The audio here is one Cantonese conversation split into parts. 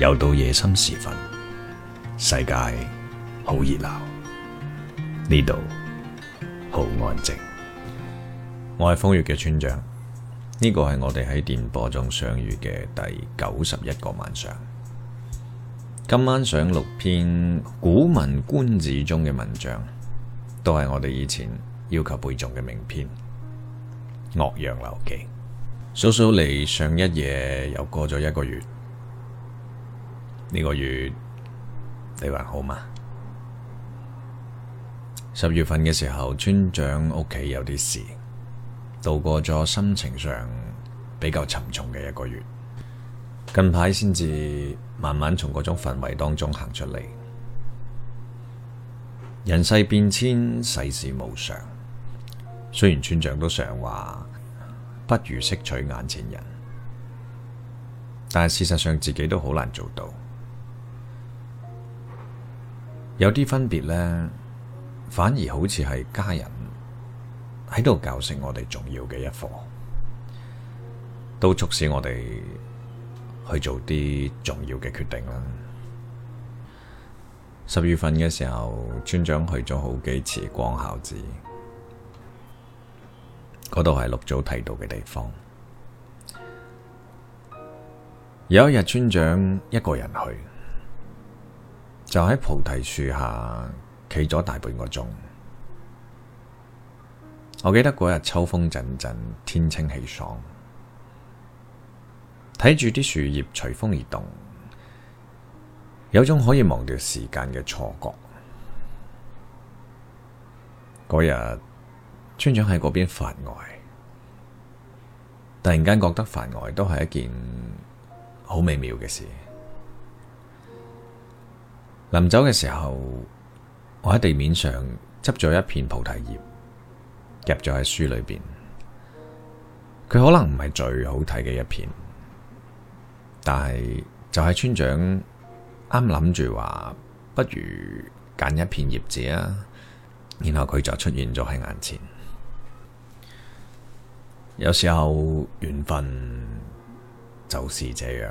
又到夜深時分，世界好熱鬧，呢度好安靜。我係瘋粵嘅村長，呢個係我哋喺電波中相遇嘅第九十一個晚上。今晚想讀篇古文觀止中嘅文章，都係我哋以前要求背誦嘅名篇《岳陽樓記》。數數離上一夜又過咗一個月。呢個月你還好嗎？十月份嘅時候，村長屋企有啲事，度過咗心情上比較沉重嘅一個月。近排先至慢慢從嗰種氛圍當中行出嚟。人世變遷，世事無常。雖然村長都常話不如惜取眼前人，但事實上自己都好難做到。有啲分別咧，反而好似係家人喺度教識我哋重要嘅一課，都促使我哋去做啲重要嘅決定啦。十月份嘅時候，村長去咗好幾次光孝寺，嗰度係六祖剃度嘅地方。有一日，村長一個人去。就喺菩提樹下企咗大半個鐘，我記得嗰日秋風陣陣，天清氣爽，睇住啲樹葉隨風而動，有種可以忘掉時間嘅錯覺。嗰日村長喺嗰邊發呆，突然間覺得發呆都係一件好美妙嘅事。臨走嘅時候，我喺地面上執咗一片菩提葉，夾咗喺書裏邊。佢可能唔係最好睇嘅一片，但係就係村長啱諗住話，不如揀一片葉子啊，然後佢就出現咗喺眼前。有時候緣分就是這樣。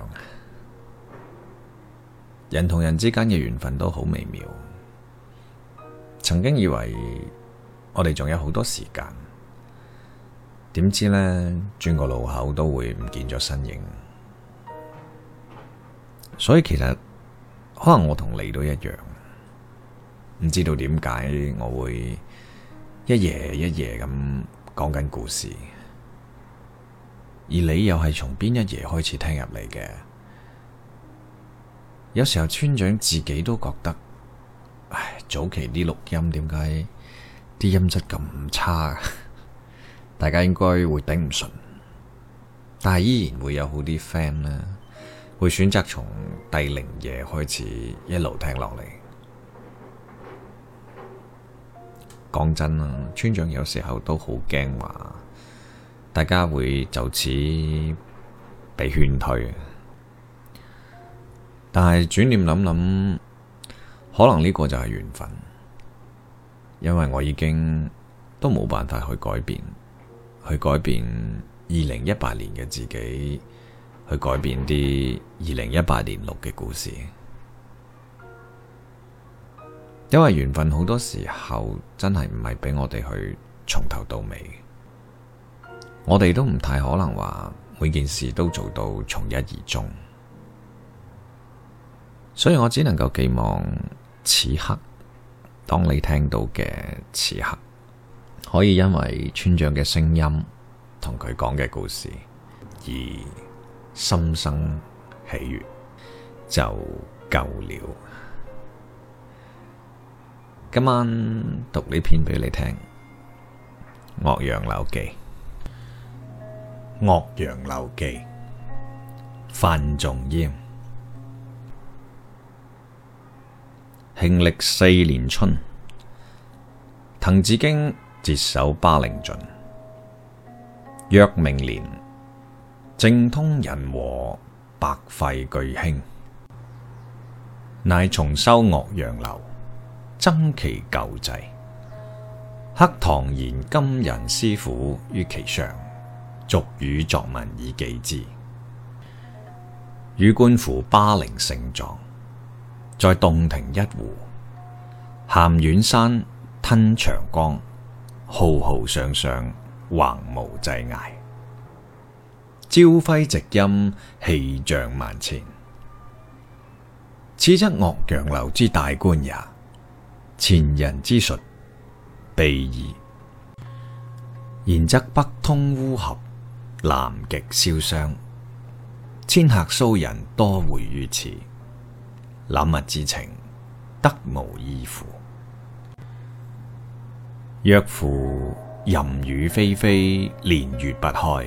人同人之間嘅緣分都好微妙，曾經以為我哋仲有好多時間，點知呢，轉個路口都會唔見咗身影，所以其實可能我同你都一樣，唔知道點解我會一夜一夜咁講緊故事，而你又係從邊一夜開始聽入嚟嘅？有時候村長自己都覺得，唉，早期啲錄音點解啲音質咁差？ 大家應該會頂唔順，但係依然會有好啲 fan 咧，會選擇從第零夜開始一路聽落嚟。講真啦，村長有時候都好驚話，大家會就此被勸退。但係轉念諗諗，可能呢個就係緣分，因為我已經都冇辦法去改變，去改變二零一八年嘅自己，去改變啲二零一八年錄嘅故事，因為緣分好多時候真係唔係俾我哋去從頭到尾，我哋都唔太可能話每件事都做到從一而終。所以我只能夠寄望此刻，當你聽到嘅此刻，可以因為村長嘅聲音同佢講嘅故事而心生喜悅就夠了。今晚讀呢篇俾你聽《岳陽樓記》，《岳陽樓記》，范仲淹。慶曆四年春，滕子京謫守巴陵郡。越明年，政通人和，百廢具興，乃重修岳陽樓，增其舊制。刻唐賢今人詩賦於其上，屬予作文以記之。予觀夫巴陵勝狀。在洞庭一湖，銜遠山，吞長江，浩浩湯湯，橫無際涯。朝暉夕陰，氣象萬千。此則岳陽樓之大觀也。前人之述備矣。然則北通巫峽，南極瀟湘，遷客騷人多會於此。覽物之情，得無異乎？若夫淫雨霏霏，連月不開；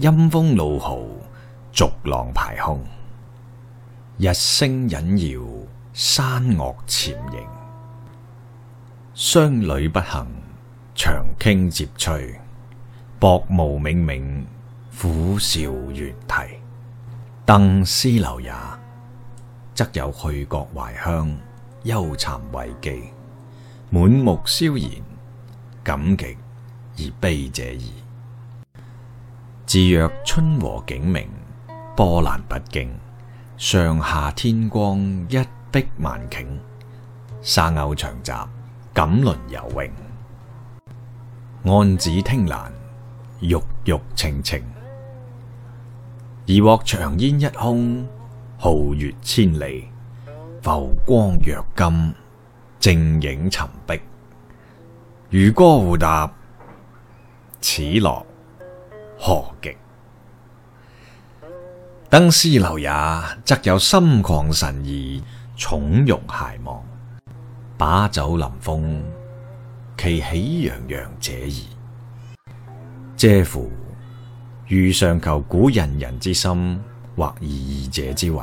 陰風怒號，濁浪排空；日星隱曜，山岳潛形。商旅不行，樯傾楫摧；薄暮冥冥，虎嘯猿啼。登斯樓也。則有去國懷鄉、憂讒畏譏、滿目蕭然、感極而悲者矣。至若春和景明，波瀾不驚，上下天光，一碧萬頃，沙鷗翔集，錦鱗游泳，岸芷汀蘭，鬱鬱青青。而獲長煙一空。皓月千里，浮光躍金，靜影沉璧。漁歌互答，此樂何極？登斯樓也，則有心曠神怡，寵辱偕忘，把酒臨風，其喜洋洋者矣。嗟乎！予嘗求古仁人之心。或異二者之為，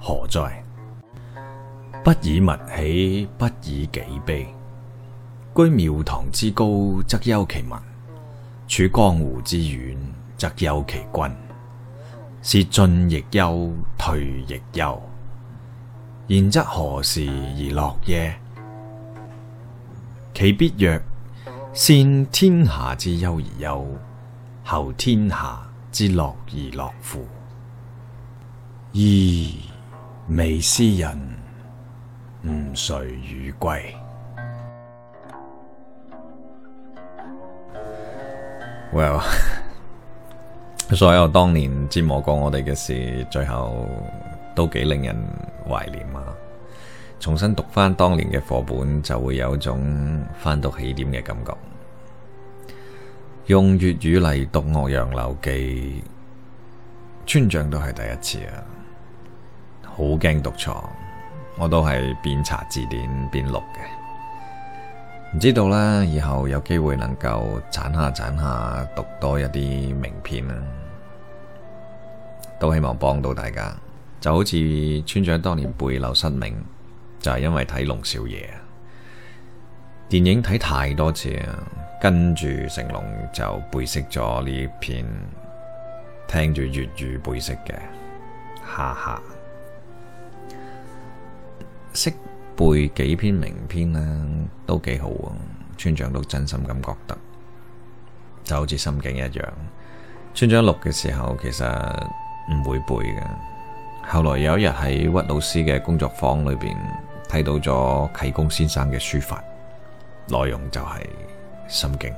何哉？不以物喜，不以己悲。居廟堂之高，則憂其民；處江湖之遠，則憂其君。是進亦憂，退亦憂。然則何時而樂耶？其必曰：先天下之憂而憂，後天下之樂而樂乎？微斯人，吾誰與歸？所有當年折磨過我哋嘅事，最後都幾令人懷念啊！重新讀返當年嘅課本，就會有種返到起點嘅感覺。用粵語嚟讀《岳陽樓記》，村長都係第一次啊！好驚讀錯，我都係邊查字典邊錄嘅，唔知道啦，以後有機會能夠整下整下讀多一啲名篇啊，都希望幫到大家。就好似村長當年背陋室銘，就係因為睇龍少爺啊，電影睇太多次啊，跟住成龍就背識咗呢一篇，聽住粵語背識嘅，哈哈。識背幾篇名篇啦，都幾好啊！村長都真心咁覺得，就好似《心經》一樣。村長錄嘅時候其實唔會背嘅，後來有一日喺屈老師嘅工作坊裏邊睇到咗啟功先生嘅書法，內容就係《心經》。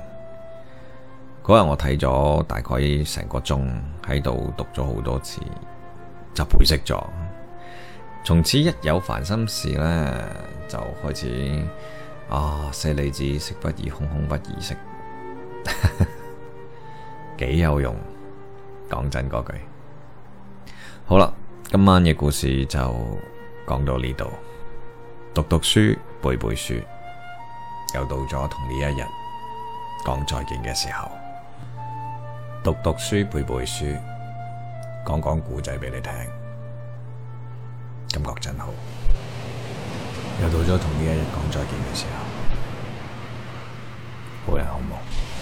嗰日我睇咗大概成個鐘喺度讀咗好多次，就背識咗。從此一有煩心事咧，就開始啊，舍利子色不異空，空不異色，幾 有用。講真嗰句，好啦，今晚嘅故事就講到呢度。讀讀書背背書，又到咗同呢一日講再見嘅時候。讀讀書背背書，講講古仔俾你聽。感覺真好，又到咗同呢一日講再見嘅時候，好人好夢。